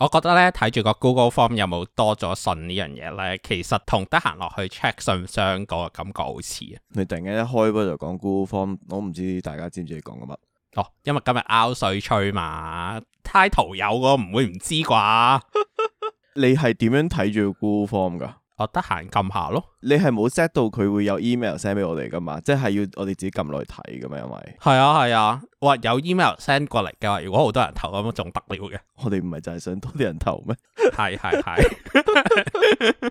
我覺得咧睇住個 Google Form 有冇多咗信呢樣嘢咧，其實同得閒落去 check 信箱個感覺好似啊！你突然間一開波就講 Google Form，s, 我唔知大家知唔知你講緊乜？哦，因為今日 R 水吹嘛，title 有我唔會唔知啩？ 你係點樣睇住 Google Form 噶？我得閒撳下咯。你係冇 set 到佢會有 email send 俾我哋噶嘛？即係要我哋自己撳落去睇噶嘛？因為係啊，係啊。話有 email send 過嚟嘅話，如果好多人投咁樣仲得了嘅？我哋唔係就係想多啲人投咩？係係係。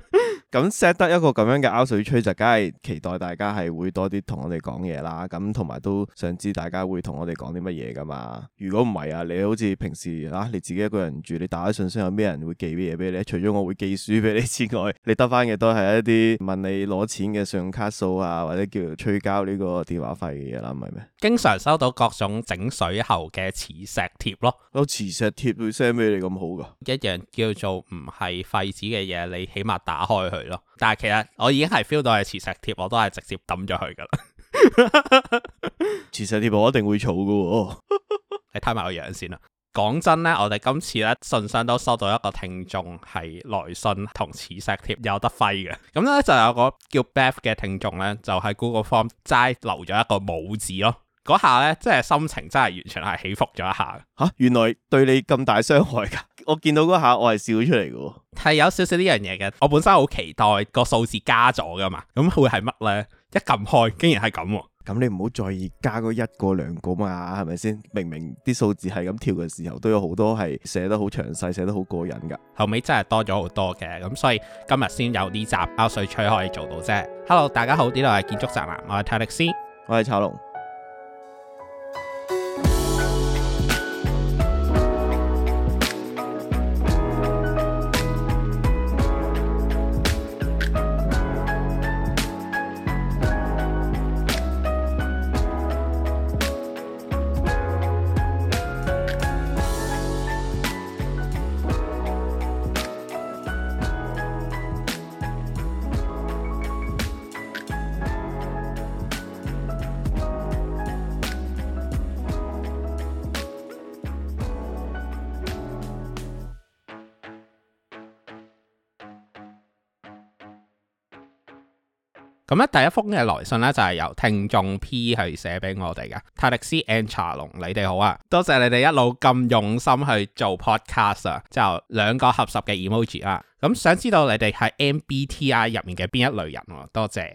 咁 set 得一個咁樣嘅 R 水吹，就梗係期待大家係會多啲同我哋講嘢啦。咁同埋都想知大家會同我哋講啲乜嘢，噶嘛？如果唔係啊，你好似平時啊，你自己一個人住，你打啲信息有咩人會寄啲嘢俾你？除咗我會寄書俾你之外，你得翻，嘅都係一啲問你攞錢嘅信用卡數啊，或者叫催交呢個電話費嘅嘢啦，唔係咩？經常收到各種。整水喉嘅磁石貼咯，有磁石貼會 send 俾你咩？你咁好噶？一樣叫做唔係廢紙嘅嘢，你起碼打開佢咯。但係其實我已經係 feel 到係磁石貼，我都係直接抌咗佢噶啦。 磁石貼我一定會儲噶， 你睇埋個樣先啦。講真咧，我哋今次咧信箱都收到一個聽眾係來信同磁石貼有得揮嘅。咁咧就有個叫 Beth 嘅聽眾咧，就喺 Google Form 齋留咗一個冇字咯。嗰下咧，真係心情真係完全係起伏咗一下嘅、啊。原來對你咁大傷害㗎。我見到嗰下我，我係笑出嚟嘅。係有少少呢樣嘢嘅。我本身好期待個數字加咗嘅嘛。咁會係乜呢？一撳開，竟然係咁。咁你唔好在意加嗰一個兩個嘛，係咪先？明明啲數字係咁跳嘅時候，都有好多係寫得好詳細、寫得好過癮㗎。後尾真係多咗好多嘅。咁所以今日先有呢集 R 水吹可以做到啫。Hello，大家好，呢度係建築宅男，我係泰迪斯，我係查龍。咁咧，第一封嘅來信咧就係由聽眾 P 係寫俾我哋嘅。泰迪斯 and 查龍，你哋好啊！多謝你哋一路咁用心去做 podcast 啊！就兩個合十嘅 emoji 啦、啊。咁、嗯、想知道你哋係 MBTI 入面嘅邊一類人、啊？多謝。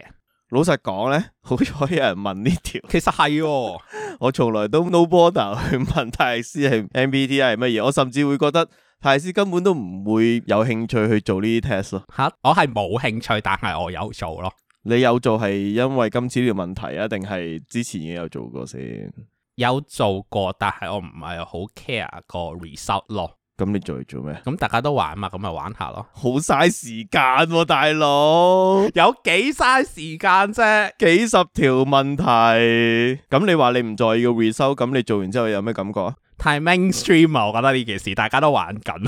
老實講咧，好彩有人問呢條，其實係、哦、 我從來都 no bother 去問泰迪斯係 MBTI 係乜嘢，我甚至會覺得泰迪斯根本都唔會有興趣去做呢啲 test 咯。吓、啊，我係冇興趣，但係我有做咯。你有做係因為今次條問題啊，定係之前已經有做過先？有做過，但係我唔係好 care 個 result 咯。咁、嗯、你做嚟做咩？咁大家都玩嘛，咁咪玩下咯。好嘥時間、啊，大佬 有幾嘥時間啫、啊？ 幾十條問題，咁你話你唔在意個 result，咁你做完之後有咩感覺啊？太 mainstream，我覺得呢件事大家都玩緊。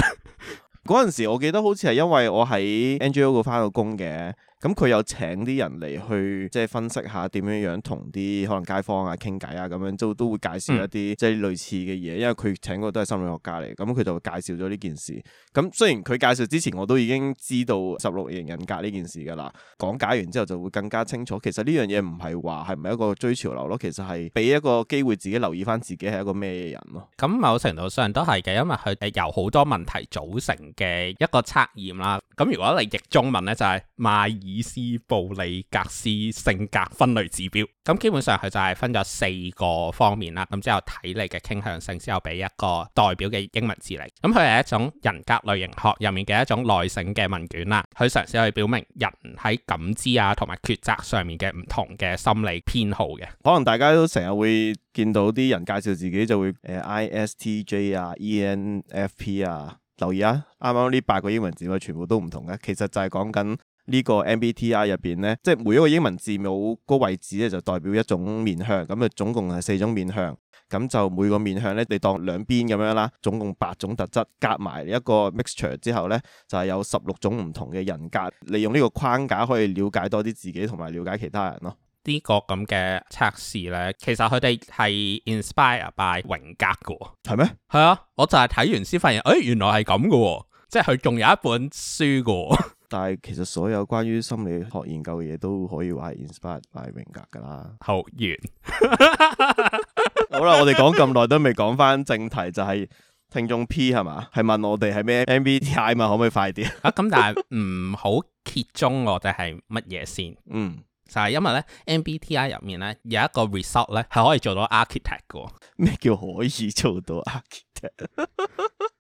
嗰 陣 時我記得好似係因為我喺 NGO 度翻個工嘅。咁佢有請啲人嚟去即係分析下點樣樣同啲可能街坊啊傾偈啊咁樣都都會介紹一啲、嗯、即係類似嘅嘢，因為佢請嗰個都係心理學家嚟，咁佢就介紹咗呢件事。咁、嗯、雖然佢介紹之前我都已經知道十六型人格呢件事噶啦，講解完之後就會更加清楚。其實呢樣嘢唔係話係唔係一個追潮流咯，其實係俾一個機會自己留意返自己係一個咩人咯。咁某程度上都係嘅，因為佢由好多問題組成嘅一個測驗啦。咁如果你譯中文咧，就係、是、馬爾斯布里格斯性格分類指標。咁基本上佢就係分咗四個方面啦。咁之後睇你嘅傾向性，之後俾一個代表嘅英文字嚟。咁佢係一種人格類型學入面嘅一種耐性嘅問卷啦。佢嘗試去表明人喺感知啊同埋抉擇上面嘅唔同嘅心理偏好嘅。可能大家都成日會見到啲人介紹自己就會誒、呃、ISTJ 啊、ENFP 啊。留意啊，啱啱呢八個英文字母全部都唔同嘅，其實就係講緊呢個 MBTI 入邊咧，即係每一個英文字母個位置咧就代表一種面向，咁啊總共係四種面向，咁就每個面向咧你當兩邊咁樣啦，總共八種特質，夾埋一個 mixture 之後咧，就係有十六種唔同嘅人格，利用呢個框架可以了解多啲自己同埋了解其他人咯。呢個咁嘅測試咧，其實佢哋係 inspire by 榮格噶，係咩嗎？係啊，我就係睇完先發現，誒，原來係咁噶，即係佢仲有一本書噶。但係其實所有關於心理學研究嘅嘢都可以話係 inspire by 榮格噶啦。好完， 好啦，我哋講咁耐都未講翻正題，就係、是、聽眾 P 係嘛，係問我哋係咩 MBTI 嘛，可唔可以快啲啊？咁 但係唔好揭盅我哋係乜嘢先？ 嗯。就係因為，咧 MBTI 入面咧有一個 result 咧係可以做到 architect 嘅。咩叫可以做到 architect？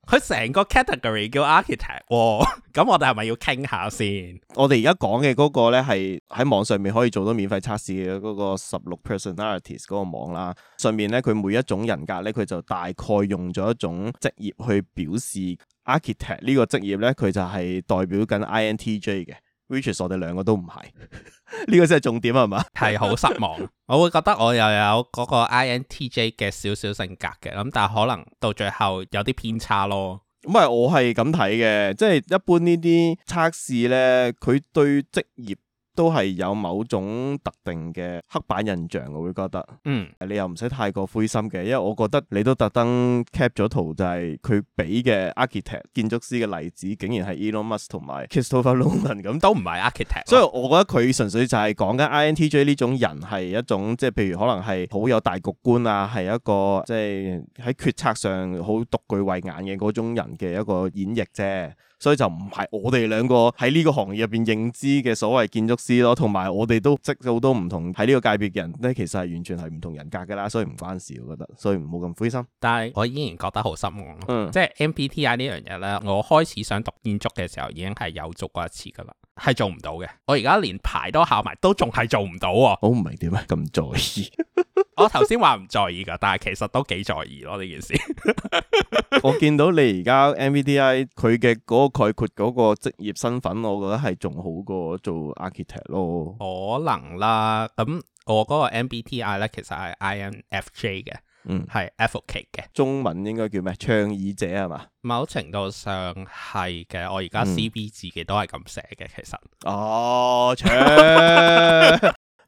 佢 成個 category 叫 architect 咁，哦、我哋係咪要傾下先？ 我哋而家講嘅嗰個咧係喺網上面可以做到免費測試嘅嗰個十六 personalities 嗰個網啦。上面咧佢每一種人格咧佢就大概用咗一種職業去表示。architect 呢個職業咧佢就係代表緊 INTJ 嘅。which 我哋兩個都唔係，呢 個先係重點係嘛？係好失望， 我會覺得我又有嗰個 INTJ 嘅少少性格嘅，咁但係可能到最後有啲偏差咯。咁啊，我係咁睇嘅，即係一般呢啲測試咧，佢對職業，都係有某種特定嘅黑板印象，我會覺得，嗯，你又唔使太過灰心嘅，因為我覺得你都特登 cap 咗圖，就係佢俾嘅 architect 建築師嘅例子，竟然係 Elon Musk 同埋 Christopher Nolan 咁， 都唔係 architect， 所以我覺得佢純粹就係講緊 INTJ 呢種人係一種，即係譬如可能係好有大局觀啊，係一個即係喺決策上好獨具慧眼嘅嗰種人嘅一個演繹啫。所以就唔係我哋兩個喺呢個行業入邊認知嘅所謂建築師咯，同埋我哋都識好多唔同喺呢個界別嘅人咧，其實係完全係唔同人格噶啦，所以唔關事，我覺得，所以唔好咁灰心。但係我依然覺得好失望咯，嗯、即係 MBTI 呢樣嘢咧，我開始想讀建築嘅時候已經係有做過一次噶啦。係做唔到嘅，我而家連牌都考埋，都仲係做唔到。我唔明點解咁在意。 我頭先話唔在意噶，但係其實都幾在意咯呢件事。 我見到你而家 MBTI 佢嘅嗰個概括嗰個職業身份，我覺得係仲好過做 architect 咯。可能啦，咁我嗰個 MBTI 咧，其實係 INFJ 嘅。嗯，係 advocate 嘅，中文應該叫咩？倡議者係嘛？某程度上係嘅，我而家 C B 自己嘅、嗯、都係咁寫嘅，其實。哦，倡。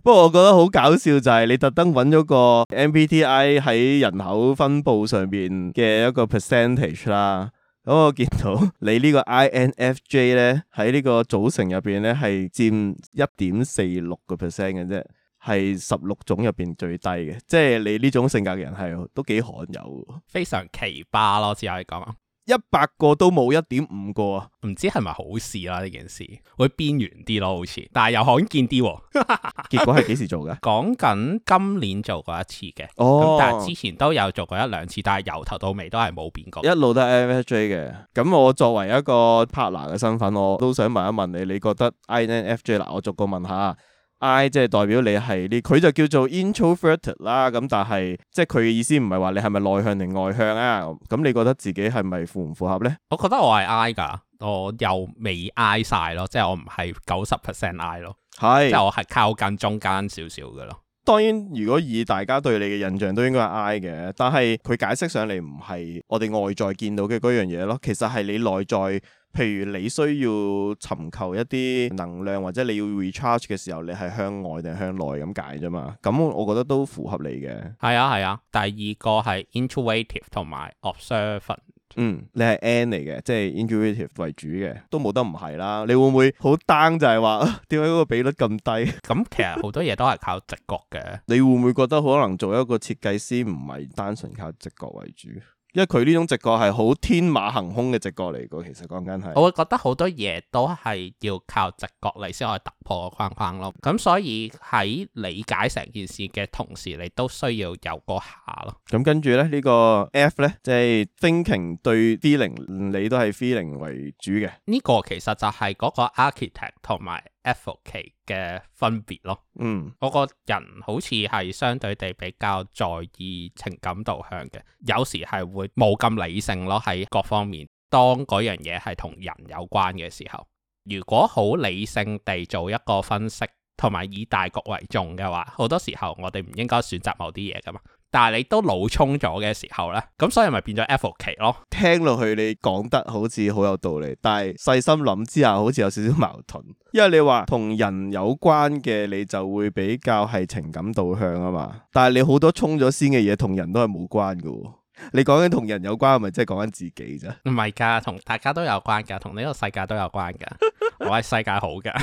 不過我覺得好搞笑就係你特登揾咗個 MBTI 喺人口分布上邊嘅一個 percentage 啦。咁我見到你呢個 I N F J 呢，喺呢個組成入邊呢，係佔一點四六個 percent 嘅啫。係十六種入邊最低嘅，即係你呢種性格嘅人係都幾罕有，非常奇葩咯、啊！只可以講，一百個都冇一點五個，唔知係咪好事啦、啊？呢件事會邊緣啲咯，好似，但係又罕見啲、啊。 結果係幾時做嘅？講緊 今年做過一次嘅，哦，oh, 但係之前都有做過一兩次，但係由頭到尾都係冇變過，一路都係 INFJ 嘅。咁我作為一個 partner 嘅身份，我都想問一問你，你覺得 INFJ 嗱，我逐個問下。I 即係代表你係呢，佢就叫做 introverted 啦。咁但係即係佢嘅意思唔係話你係咪內向定外向啊。咁你覺得自己係咪符唔符合咧？我覺得我係 I 噶，我又未 I 晒，咯即係我唔係九十 percent I 咯是，即係我係靠近中間少少噶咯。當然，如果以大家對你嘅印象都應該係 I 嘅，但係佢解釋上嚟唔係我哋外在見到嘅嗰樣嘢咯，其實係你內在。譬如你需要尋求一啲能量，或者你要 recharge 嘅時候，你係向外定向內咁解啫嘛？咁我覺得都符合你嘅。係啊，係啊。第二個係 intuitive 同埋 observant。嗯，你係 end 嚟嘅，即係 intuitive 為主嘅，都冇得唔係啦。你會唔會好 down 就係話點解個比率咁低？咁 其實好多嘢都係靠直覺嘅。 你會唔會覺得可能做一個設計師唔係單純靠直覺為主？因為佢呢種直覺係好天馬行空嘅直覺嚟嘅，其實講緊係。我會覺得好多嘢都係要靠直覺嚟先可以突破個框框咯。咁所以喺理解成件事嘅同時，你都需要有個下咯。咁跟住咧，呢、這個 F 咧，即、就、係、是、thinking 對 feeling，你都係 feeling 為主嘅。呢個其實就係嗰個 architect 同埋，effort 期嘅分別咯，嗯，我個人好似係相對地比較在意情感導向嘅，有時係會冇咁理性咯，喺各方面。當嗰樣嘢係同人有關嘅時候，如果好理性地做一個分析，同埋以大局為重嘅話，好多時候我哋唔應該選擇某啲嘢㗎嘛。但係你都腦衝咗嘅時候咧，咁所以咪變咗 F 期咯。聽落去你講得好似好有道理，但係細心諗之後好似有少少矛盾。因為你話同人有關嘅，你就會比較係情感導向啊嘛。但係你好多衝咗先嘅嘢，同人都係冇關噶。你講緊同人有關，係咪即係講緊自己啫？唔係噶，同大家都有關噶，同呢個世界都有關噶，我係 世界好噶。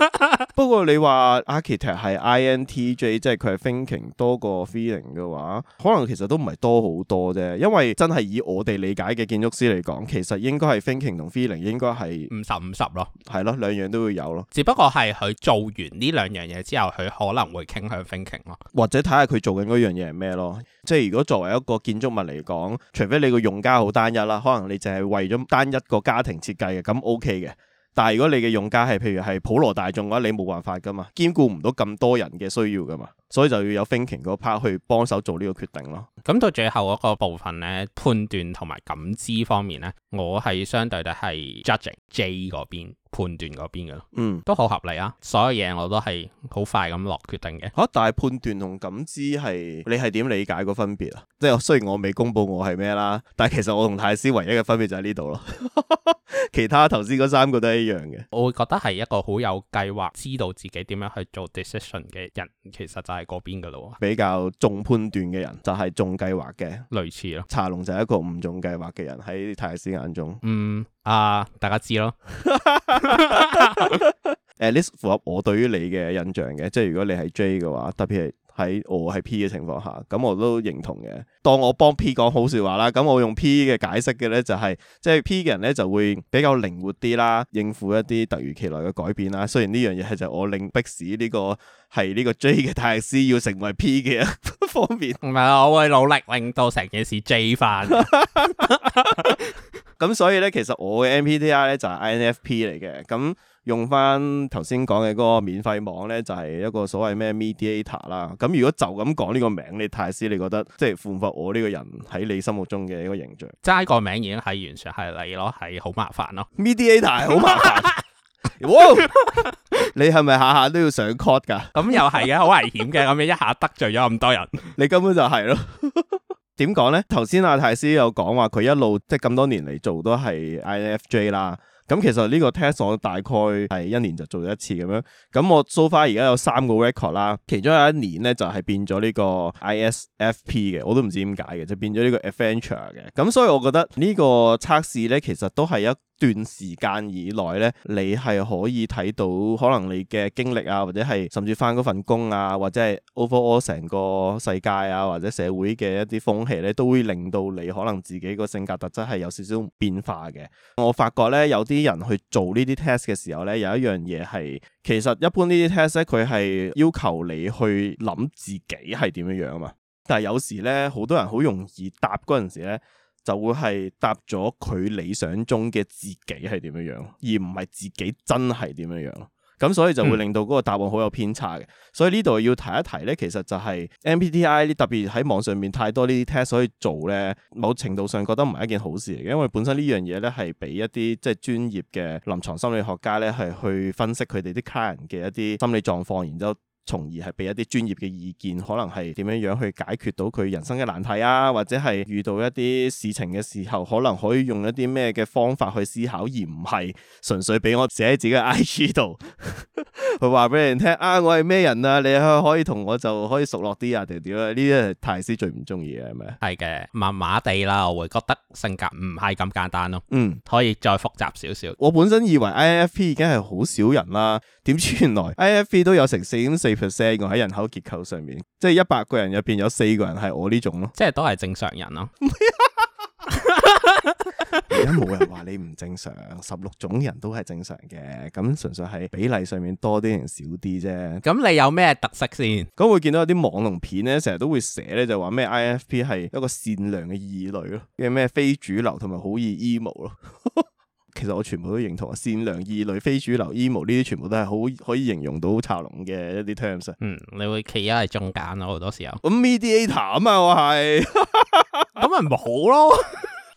不過你話 Architect 係 INTJ，即係佢係 thinking 多過 feeling 嘅話，可能其實都唔係多好多啫。因為真係以我哋理解嘅建築師嚟講，其實應該係 thinking 同 feeling 應該係五十五十咯，係咯，兩樣都會有咯。只不過係佢做完呢兩樣嘢之後，佢可能會傾向 thinking 咯，或者睇下佢做緊嗰樣嘢係咩咯。即係如果作為一個建築物嚟講，除非你個用家好單一啦，可能你就係為咗單一個家庭設計嘅，咁 OK 嘅。但係如果你嘅用家係譬如係普羅大眾嘅話，你冇辦法㗎嘛，兼顧唔到咁多人嘅需要㗎嘛。所以就要有 thinking 嗰 part 去幫手做呢個決定咯。咁到最後嗰個部分咧，判斷同埋感知方面咧，我係相對就係 judging J 嗰邊判斷嗰邊噶咯。嗯，都好合理啊。所有嘢我都係好快咁落決定嘅。嚇、啊！但係判斷同感知係你係點理解個分別啊？即係雖然我未公布我係咩啦，但係其實我同泰斯唯一嘅分別就係呢度咯。 其他頭先嗰三個都係一樣嘅。我會覺得係一個好有計劃，知道自己點樣去做 decision 嘅人，其實就係、是。嗰邊噶咯，比較重判斷嘅人就係重計劃嘅，類似咯。查龍就係一個唔重計劃嘅人喺泰斯眼中，嗯啊，大家知咯。At least 符合我對於你嘅印象嘅，即係如果你係 J 嘅話，特別係。喺我係 P 嘅情況下，咁我都認同嘅。當我幫 P 講好說話啦，咁我用 P 嘅解釋嘅咧就係、是，即係 P 嘅人咧就會比較靈活啲啦，應付一啲突如其來嘅改變啦。雖然呢樣嘢係就我令逼使呢、這個係呢個 J 嘅泰迪斯要成為 P 嘅一方面。同埋我會努力令到成件事 J 翻。咁所以咧，其實我嘅 MBTI 咧就係、是、INFP 嚟嘅。咁。用翻頭先講嘅嗰個免費網咧，就係、是、一個所謂咩 mediator 啦。咁如果就咁講呢個名，你泰斯你覺得即係符合我呢個人喺你心目中嘅一個形象？齋個名已經係完全係你咯，係好麻煩咯。mediator 好 麻煩。 wow, 你係咪下下都要上 court 噶？咁又係嘅，好危險嘅。咁樣一下得罪咗咁多人，你根本就係咯。點講咧？頭先阿泰斯有講話，佢一路即係咁多年嚟做都係 INFJ 啦。咁其實呢個 test 我大概係一年就做咗一次咁樣，咁我 so far 而家有三個 record 啦，其中有一年咧就係變咗呢個 ISFP 嘅，我都唔知點解嘅，就變咗呢個 adventure 嘅，咁所以我覺得呢個測試咧其實都係一段時間以來咧，你係可以睇到可能你嘅經歷啊，或者係甚至返嗰份工啊，或者係 overall 成個世界啊，或者社會嘅一啲風氣咧，都會令到你可能自己個性格特質係有少少變化嘅。我發覺咧，有啲人去做呢啲 test 嘅時候咧，有一樣嘢係其實一般試試呢啲 test 咧，佢係要求你去諗自己係點樣樣啊嘛。但係有時咧，好多人好容易答嗰陣時咧。就會係答咗佢理想中嘅自己係點樣樣，而唔係自己真係點樣樣咯。咁所以就會令到嗰個答案好有偏差嘅。嗯、所以呢度要提一提咧，其實就係 MBTI，特別喺網上面太多呢啲 test 可以做咧，某程度上覺得唔係一件好事嚟嘅，因為本身呢樣嘢咧係俾一啲即係專業嘅臨床心理學家咧係去分析佢哋啲客人嘅一啲心理狀況，然之後。從而係俾一啲專業嘅意見，可能係點樣樣去解決到佢人生嘅難題啊，或者係遇到一啲事情嘅時候，可能可以用一啲咩嘅方法去思考，而唔係純粹俾我寫喺自己嘅 IG 度，去話俾人聽啊！我係咩人啊？你可以同我就可以熟絡啲啊？定點啊？呢啲係泰斯最唔中意嘅，係咪？係嘅，麻麻地啦，我會覺得性格唔係咁簡單咯。嗯，可以再複雜少少。我本身以為 INFP 已經係好少人啦，點知原來 INFP 都有成四點四 percent 我喺人口結構上面，即係一百個人入邊有四個人係我呢種咯，即係都係正常人咯。而家冇人話你唔正常，十六種人都係正常嘅，咁純粹係比例上面多啲定少啲啫。咁你有咩特色先？咁會見到有啲網龍片咧，成日都會寫咧，就話咩 IFP 係一個善良嘅異類咯，咩非主流同埋好易 emo 咯。 其實我全部都認同啊，善良、異類、非主流、emo 呢啲，全部都係好可以形容到查龍嘅一啲 terms 嗯，你會企咗喺中間咯，好多時候。咁、嗯、Mediator 啊嘛，我係，咁咪唔好咯。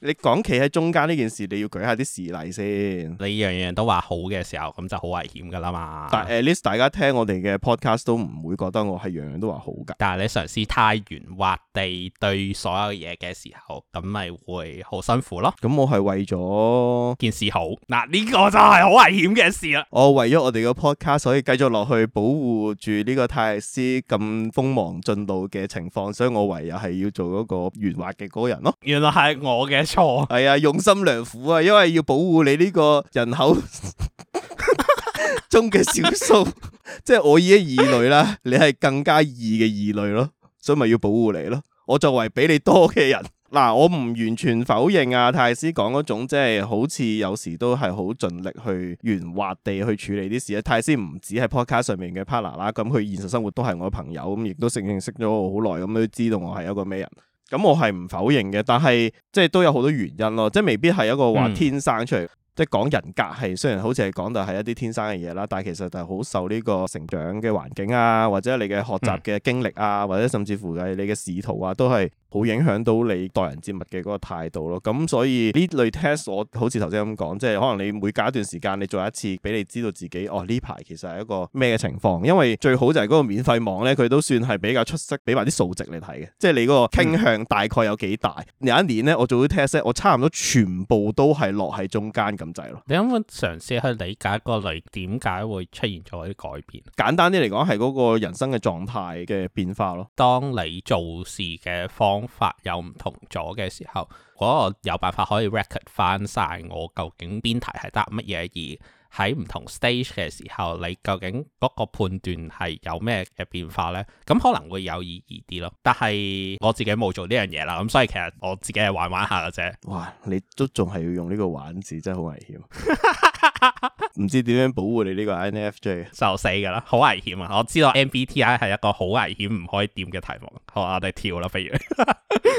你講企喺中間呢件事，你要舉下啲事例先。你樣樣都話好嘅時候，咁就好危險噶啦嘛。但係，at least 大家聽我哋嘅 podcast 都唔會覺得我係樣樣都話好噶。但係你嘗試太圓滑地對,對所有嘢嘅時候，咁咪會好辛苦咯。咁我係為咗件事好。嗱、啊，呢個就係好危險嘅事啦。我為咗我哋嘅 podcast，所以繼續落去保護住呢個泰迪斯咁鋒芒盡露嘅情況，所以我唯有係要做一個圓滑嘅嗰個人咯。原來係我嘅。係啊，用心良苦啊，因為要保護你呢個人口 中嘅少數， 即係我呢啲異類啦，你係更加異嘅異類咯，所以咪要保護你咯。我作為比你多嘅人，嗱，我唔完全否認啊，泰斯講嗰種即係好似有時都係好盡力去圓滑地去處理啲事啊。泰斯唔止係 podcast 上面嘅 partner 啦，咁佢現實生活都係我嘅朋友，咁亦都成認識咗我好耐，咁都知道我係一個咩人。咁我係唔否認嘅，但係即係都有好多原因咯，即係未必係一個話天生出嚟。嗯、即係講人格係雖然好似係講到係一啲天生嘅嘢啦，但係其實就係好受呢個成長嘅環境啊，或者你嘅學習嘅經歷啊，或者甚至乎係你嘅仕途啊，都係。好影響到你待人接物嘅嗰個態度咯，咁所以呢類 test 我好似頭先咁講，即係可能你每隔一段時間你做一次，俾你知道自己哦，呢排其實係一個咩嘅情況，因為最好就係嗰個免費網呢，佢都算係比較出色，俾埋啲數值你睇嘅，即係你嗰個傾向大概有幾大。嗯、有一年呢，我做啲 test 我差唔多全部都係落喺中間咁滯咯。你有冇嘗試去理解個類點解會出現咗啲改變？簡單啲嚟講，係嗰個人生嘅狀態嘅變化咯。當你做事嘅方法有唔同咗嘅時候，個有辦法可以 record 翻晒，我究竟邊題係答乜嘢而？喺唔同 stage 嘅時候，你究竟嗰個判斷係有咩嘅變化咧？咁可能會有意義啲咯。但係我自己冇做呢樣嘢啦，咁所以其實我自己係玩玩下嘅啫。哇！你都仲係要用呢個玩字，真係好危險，唔 知點樣保護你呢個 INFJ 就死㗎啦，好危險啊！我知道 MBTI 係一個好危險唔可以掂嘅題目，好，我哋跳啦，不如。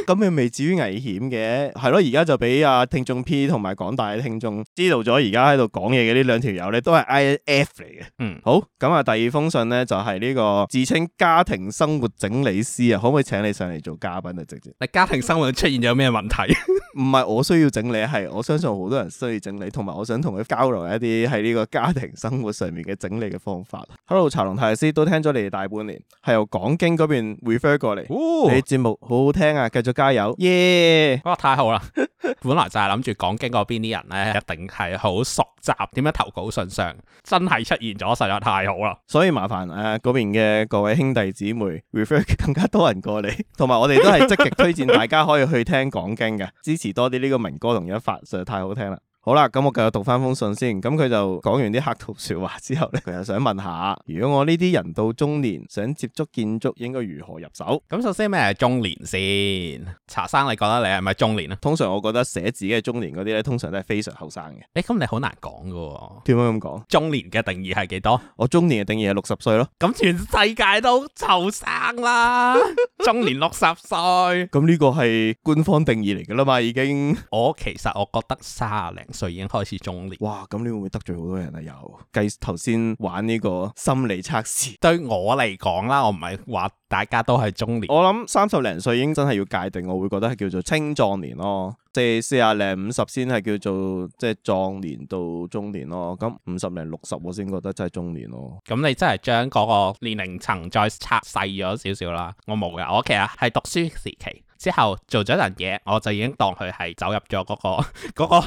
咁你未至於危險嘅，係咯？而家就俾啊聽眾 P 同埋廣大嘅聽眾知道咗，而家喺度講嘢嘅呢兩。條友咧都係 I N F 嚟嘅。嗯，好，咁啊，第二封信咧就係、是、呢個自稱家庭生活整理師啊，可唔可以請你上嚟做嘉賓啊？直接，你家庭生活出現咗咩問題？唔係 我需要整理，係我相信好多人需要整理，同埋我想同佢交流一啲喺呢個家庭生活上面嘅整理嘅方法。Hello，查龍泰迪斯都聽咗你哋大半年，係由港京嗰邊 refer 過嚟，哦、你節目好好聽啊，繼續加油，耶、yeah!！哇，太好啦， 本來就係諗住港京嗰邊啲人咧，一定係好熟習點樣投。好，信上真係出現咗，實在太好啦！所以麻煩誒嗰、啊、邊嘅各位兄弟姊妹，refer 更加多人過嚟，同埋我哋都係積極推薦大家可以去聽講經嘅，支持多啲呢個民歌同一法，實在太好聽啦！好啦，咁我繼續讀翻封信先。咁佢就講完啲客套說話之後咧，佢又想問下，如果我呢啲人到中年想接觸建築，應該如何入手？咁首先咩係中年先？查生，你覺得你係咪中年咧？通常我覺得寫自己嘅中年嗰啲咧，通常都係非常後生嘅。誒，咁你好難講噶。點解咁講？中年嘅定義係幾多？我中年嘅定義係六十歲咯。咁全世界都後生啦。 中年六十歲，咁呢、嗯、個係官方定義嚟噶啦嘛，已經。 我其實我覺得三啊零歲已經開始中年。哇，咁你會唔會得罪好多人啊？又計頭先玩呢個心理測試， 對我嚟講啦，我唔係話大家都係中年。我諗三十零歲已經真係要界定，我會覺得係叫做青壯年咯。四四啊零五十先係叫做即係壯年到中年咯，咁五十零六十我先覺得真係中年咯。咁你真係將嗰個年齡層再拆細咗少少啦？我冇嘅，我其實係讀書時期。之後做咗一層嘢，我就已經當佢係走入咗嗰、嗰個嗰、嗰個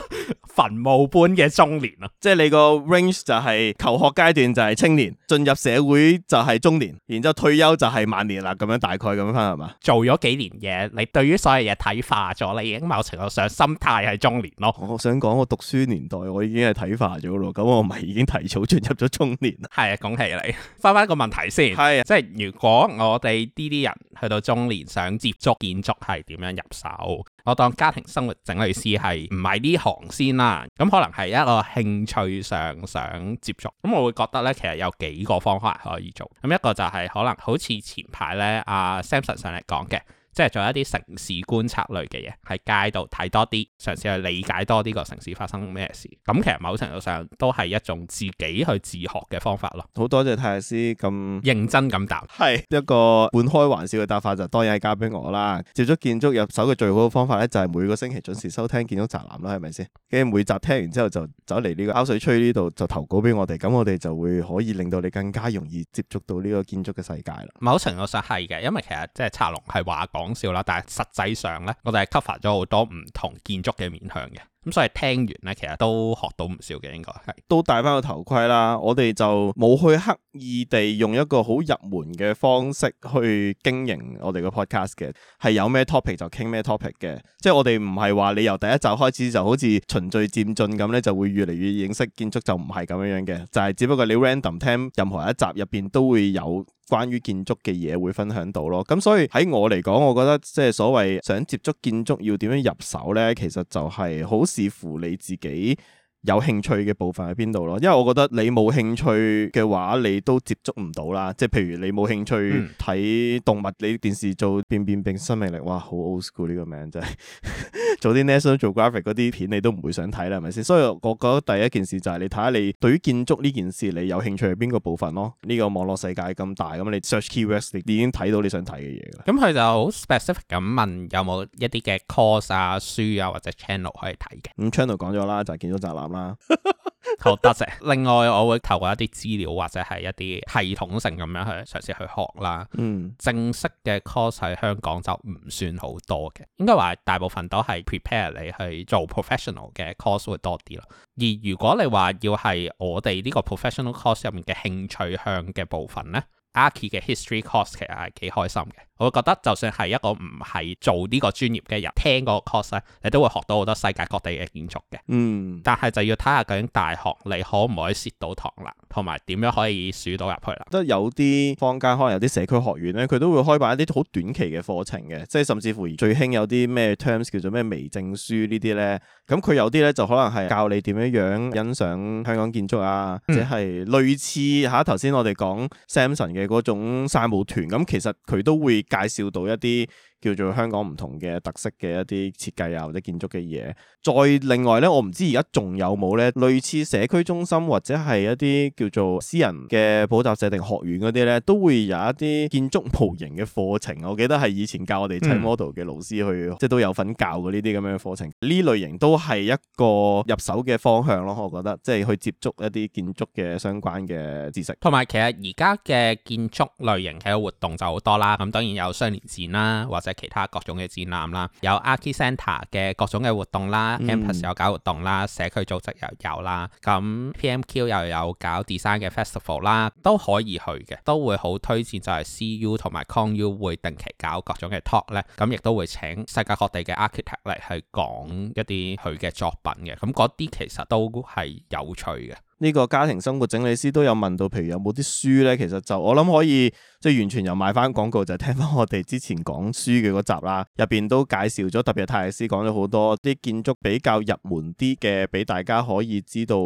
墳 墓般嘅中年啦。即係你個 range 就係、係、求學階段就係青年，進入社會就係中年，然之後退休就係晚年啦。咁樣大概咁翻係嘛？做咗幾年嘢，你對於所有嘢睇化咗，你已經某程度上心態係中年咯。我想講我讀書年代我已經係睇化咗咯，咁我咪已經提早進入咗中年啦。係啊，恭喜你。翻 翻個問題先，係的即係如果我哋呢啲人去到中年想接觸建築。係點樣入手？我當家庭生活整理師係唔係呢行先啦，咁可能係一個興趣上想接觸，咁我會覺得呢，其實有幾個方法可以做，咁一個就係可能好似前排呢，阿、啊、Samson 上嚟講嘅。即係做一啲城市觀察類嘅嘢，喺街度睇多啲，嘗試去理解多啲個城市發生咩事。咁其實某程度上都係一種自己去自學嘅方法咯。好多謝泰迪斯咁認真咁答。係一個半開玩笑嘅答法就當然係交俾我啦。接觸建築入手嘅最好嘅方法咧就係每個星期準時收聽建築宅男啦，係咪先？跟住每集聽完之後就走嚟呢個 R 水吹呢度就投稿俾我哋，咁我哋就會可以令到你更加容易接觸到呢個建築嘅世界啦。某程度上係嘅，因為其實即係查龍係話講笑啦，但係實際上咧，我哋係 cover 咗好多唔同建築嘅面向嘅。咁所以聽完咧，其實都學到唔少嘅，應該係都戴翻個頭盔啦。我哋就冇去刻意地用一個好入門嘅方式去經營我哋個 podcast 嘅，係有咩 topic 就傾咩 topic 嘅。即係我哋唔係話你由第一集開始就好似循序漸進咁咧，就會越嚟越認識建築，就唔係咁樣樣嘅。就係只不過你 random 聽任何一集入邊都會有關於建築嘅嘢會分享到咯。咁所以喺我嚟講，我覺得即係所謂想接觸建築要點樣入手咧，其實就係好。視乎你自己有興趣嘅部分喺邊度咯，因為我覺得你冇興趣嘅話，你都接觸唔到啦。即係譬如你冇興趣睇動物，你電視、嗯、做變變變生命力，哇，好 old school 呢個名真係。 做啲 National Geographic 嗰啲片你都唔會想睇啦係咪先？所以我覺得第一件事就係你睇下你對於建築呢件事你有興趣係邊個部分咯。呢個網絡世界咁大，咁你 search keywords 你已經睇到你想睇嘅嘢啦。咁佢就好 specific 咁問有冇一啲嘅 course 啊書啊或者 channel 可以睇嘅。咁 channel 講咗啦，就係建築宅男啦。 好，多謝，另外我會透過一啲資料或者係一啲系統性咁樣去嘗試，試去學啦。嗯，正式嘅 course 喺香港就唔算好多嘅，應該話大部分都係 prepare 你去做 professional 嘅 course 會多啲咯。而如果你話要係我哋呢個 professional course 入面嘅興趣向嘅部分咧，Archi、嗯、嘅 history course 其實係幾開心嘅。我覺得就算係一個唔係做呢個專業嘅人，聽個 course，你都會學到好多世界各地嘅建築嘅。嗯。但係就要睇下究竟大學你可唔可以蝕到堂啦，同埋點樣可以選到入去啦。即係有啲坊間可能有啲社區學院咧，佢都會開辦一啲好短期嘅課程嘅。即係甚至乎最興有啲咩 terms 叫做咩微證書呢啲咧。咁佢有啲咧就可能係教你點樣樣欣賞香港建築啊，或者係類似嚇頭先我哋講 Samson 嘅嗰種散步團。咁、嗯、其實佢都會介紹到一啲。叫做香港唔同嘅特色嘅一啲設計啊或者建築嘅嘢，再另外咧，我唔知而家仲有冇咧，類似社區中心或者係一啲叫做私人嘅補習社定學院嗰啲咧，都會有一啲建築模型嘅課程。我記得係以前教我哋砌 model 嘅老師去，嗯、即係都有份教過呢啲咁樣嘅課程。呢類型都係一個入手嘅方向咯，我覺得即係去接觸一啲建築嘅相關嘅知識，同埋其實而家嘅建築類型嘅活動就好多啦，咁當然有雙年展啦，或者。其他各種嘅展覽啦，有 Archi Centre 嘅各種嘅活動啦 campus、嗯、campus 有搞活動啦，社區組織又有啦，咁 PMQ 又有搞 design 嘅 festival 啦，都可以去嘅，都會好推薦就係 CU 同埋 HKU 會定期搞各種嘅 talk 咧，咁亦都會請世界各地嘅 architect 嚟去講一啲佢嘅作品嘅，咁嗰啲其實都係有趣嘅。呢個家庭生活整理師都有問到，譬如有冇啲書咧？其實就我諗可以。即係完全又賣翻廣告，就係、是、聽翻我哋之前講書嘅嗰集啦，入邊都介紹咗，特別係泰迪斯講咗好多啲建築比較入門啲嘅，俾大家可以知道。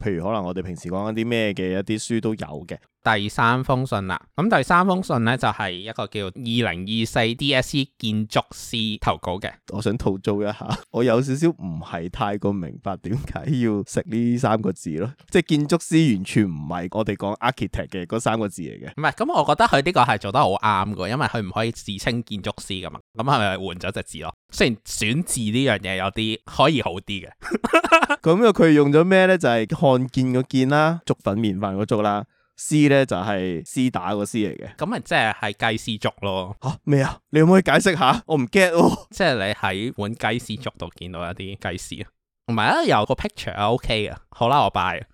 譬如可能我哋平時講緊啲咩嘅一啲書都有嘅。第三封信啦，咁第三封信呢，就係、是、一個叫《二零二四 DSC 建築師投稿》嘅。我想吐槽一下，我有少少唔係太過明白點解要食呢三個字咯，即係建築師完全唔係我哋講 architect 嘅嗰三個字嚟嘅。唔係，咁、嗯、我覺得佢。呢個係做得好啱㗎，因為佢唔可以自稱建築師㗎嘛。咁係咪換咗隻字咯？雖然選字呢樣嘢有啲可以好啲嘅。咁個佢用咗咩咧？就係、是、看見個見啦，粥粉麵飯個粥啦，絲咧就係絲打個絲嚟嘅。咁咪即係係雞絲粥咯吓？咩啊？你可唔可以解釋下？我唔 get、啊、即係你喺碗雞絲粥度見到一啲雞絲啊？唔係啊，有個 picture 啊，OK 嘅。好啦，我拜。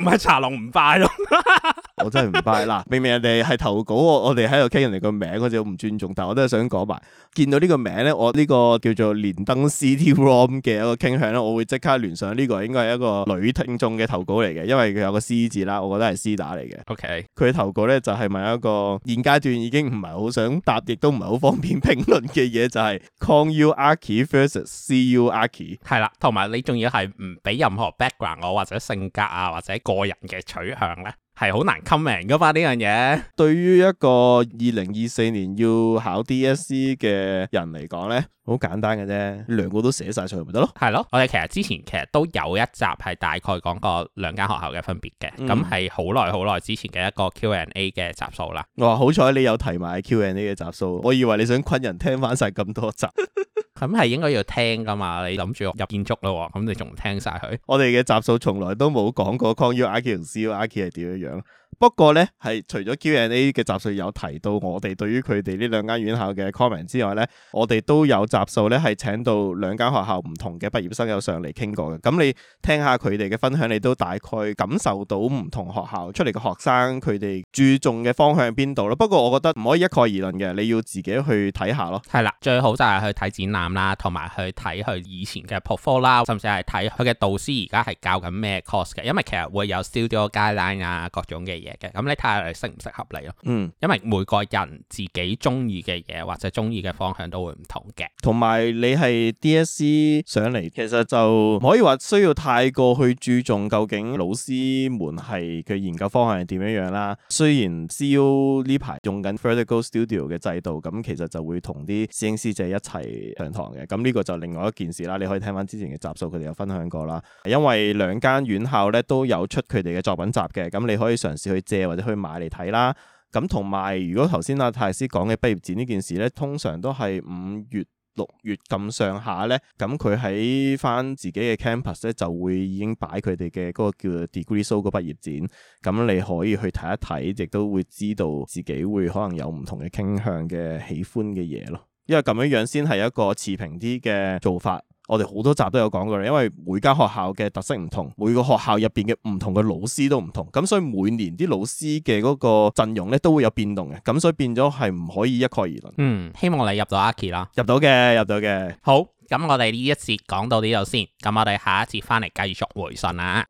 唔係茶龍唔拜咯， 我真係唔拜嗱，明明人哋係投稿，我哋喺度傾人哋個名，我好唔尊重。但係我都係想講埋。見到呢個名咧，我呢個叫做連登 City r o m 嘅一個傾向咧，我會即刻聯想呢、這個應該係一個女聽眾嘅投稿嚟嘅，因為佢有個 C 字啦，我覺得係 C 打嚟嘅。OK，佢嘅投稿咧就係、是、問一個現階段已經唔係好想答，亦都唔係好方便評論嘅嘢，就係、是、Can you Archie first, see you Archie。係啦，同埋你仲要係唔俾任何 background 我或者性格啊或者。個人嘅取向咧係好難 comment 噶嘛，呢樣嘢。對於一個二零二四年要考 DSE 嘅人嚟講咧，好簡單嘅啫，兩個都寫晒上嚟咪得咯。係咯，我哋其實之前其實都有一集係大概講過兩間學校嘅分別嘅，咁係好耐好耐之前嘅一個 Q&A 嘅集數啦。哇、哦，好彩你有提埋 Q&A 嘅集數，我以為你想困人聽翻晒咁多集.。 咁係應該要聽噶嘛？你諗住入建築咯，咁你仲聽晒佢？我哋嘅集數從來都冇講過 Cone U I K 同 CUHK 係點樣樣。不過咧，係除咗 Q&A 嘅集數有提到我哋對於佢哋呢兩間院校嘅 comment 之外咧，我哋都有集數咧係請到兩間學校唔同嘅畢業生有上嚟傾過嘅。咁你聽下佢哋嘅分享，你都大概感受到唔同學校出嚟嘅學生佢哋注重嘅方向邊度咯。不過我覺得唔可以一概而論嘅，你要自己去睇下咯。係啦，最好就係去睇展覽啦，同埋去睇佢以前嘅鋪科啦，甚至係睇佢嘅導師而家係教緊咩 course 嘅。因為其實會有 studio guideline 啊，各種嘅嘢嘅咁你睇下嚟適唔適合你咯，嗯，因為每個人自己中意嘅嘢或者中意嘅方向都會唔同嘅，同埋你係 DSC 上嚟，其實就唔可以話需要太過去注重究竟老師們係佢研究方向係點樣樣啦。雖然 C.U. 呢排用緊 Vertical Studio 嘅制度，咁、嗯、其實就會同啲師兄師姐一齊上堂嘅，咁、嗯、呢、這個就另外一件事啦。你可以聽翻之前嘅集數，佢哋有分享過啦，因為兩間院校咧都有出佢哋嘅作品集嘅，咁、嗯、你可以嘗試去。去借或者去買嚟睇啦。咁同埋，如果頭先阿泰斯講嘅畢業展呢件事咧，通常都係五月、六月咁上下咧。咁佢喺返自己嘅 campus 咧，就會已經擺佢哋嘅嗰個叫做 degree show 嗰畢業展。咁你可以去睇一睇，亦都會知道自己會可能有唔同嘅傾向嘅喜歡嘅嘢咯。因為咁樣樣先係一個持平啲嘅做法。我哋好多集都有講過啦，因為每間學校嘅特色唔同，每個學校入邊嘅唔同嘅老師都唔同，咁所以每年啲老師嘅嗰個陣容咧都會有變動嘅，咁所以變咗係唔可以一概而論。嗯，希望你入到阿 k 啦，入到嘅，入到嘅。好，咁我哋呢一節講到呢度先，咁我哋下一節翻嚟繼續回信啊。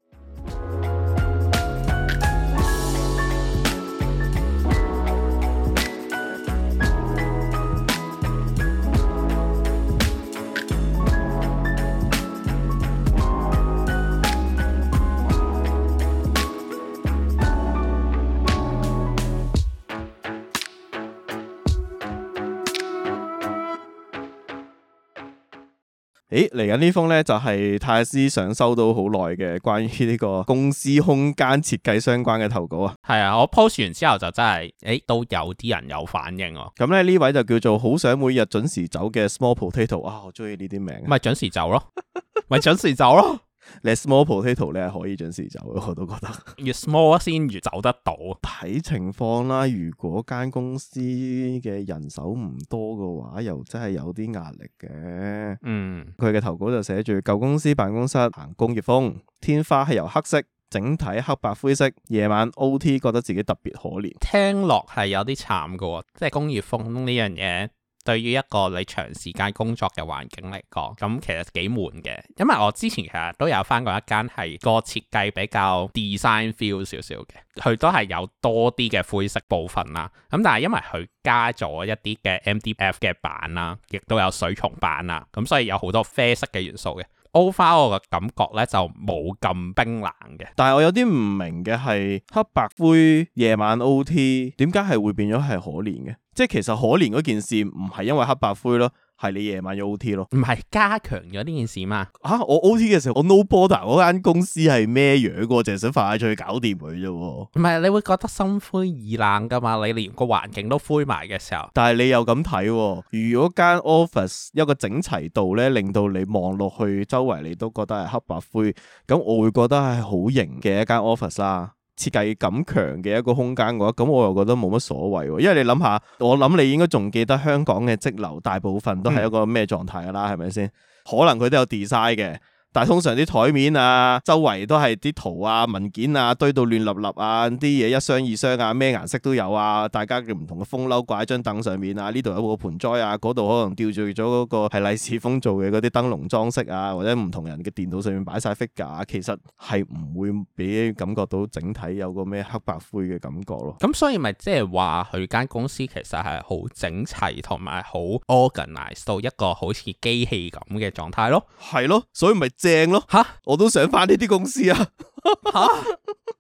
誒，嚟緊呢封咧就係、是、泰斯想收到好耐嘅關於呢個公司空間設計相關嘅投稿啊。係啊，我 post 完之後就真係誒都有啲人有反應啊。咁咧呢位就叫做好想每日準時走嘅 small potato 啊，我中意呢啲名。咪係準時走咯，咪係 準時走咯。 你 small potato 你係可以準時走，我都覺得越 small 先越走得到，睇情況啦。如果間公司嘅人手唔多嘅話，又真係有啲壓力嘅。嗯，佢嘅投稿就寫住舊公司辦公室行工業風，天花係由黑色整體黑白灰色，夜晚 OT 覺得自己特別可憐。聽落係有啲慘噶，即係工業風呢樣嘢。對於一個你長時間工作嘅環境嚟講，咁其實幾悶嘅。因為我之前其實都有返過一間係個設計比較 design feel 少少嘅，佢都係有多啲嘅灰色部分啦。咁但係因為佢加咗一啲嘅 MDF 嘅板啦，亦都有水松板啦，咁所以有好多啡色嘅元素嘅。歐花，我嘅感覺咧，就冇咁冰冷嘅，但係我有啲唔明嘅，係黑白灰夜晚 OT 點解係會變咗係可憐嘅？即係其實可憐嗰件事唔係因為黑白灰咯。係你夜晚嘅 O T 咯，唔係加強咗呢件事嘛？吓、啊、我 O T 嘅時候，我 No border 嗰間公司係咩樣嘅？我淨係想快脆搞掂佢啫。唔係你會覺得心灰意冷噶嘛？你連個環境都灰埋嘅時候，但係你又咁睇，如果間 office 一個整齊度咧，令到你望落去周圍，你都覺得係黑白灰，咁我會覺得係好型嘅一間 office 啦。設計感強嘅一個空間嘅話，咁我又覺得冇乜所謂喎。因為你諗下，我諗你應該仲記得香港嘅積流大部分都係一個咩狀態㗎啦，係咪先？可能佢都有 design 嘅。但通常啲台面啊，周圍都係啲圖啊、文件啊堆到亂立立啊，啲嘢一箱二箱啊，咩顏色都有啊。大家嘅唔同嘅風褸掛喺張凳上面啊，呢度有個盆栽啊，嗰度可能吊住咗嗰個係利是封做嘅嗰啲燈籠裝飾啊，或者唔同人嘅電腦上面擺晒 figure 啊，其實係唔會俾感覺到整體有個咩黑白灰嘅感覺咯。咁所以咪即係話佢間公司其實係好整齊同埋好 organize 到一個好似機器咁嘅狀態咯。係咯，所以咪，就是正咯，吓、啊，我都想翻呢啲公司啊，啊，嚇！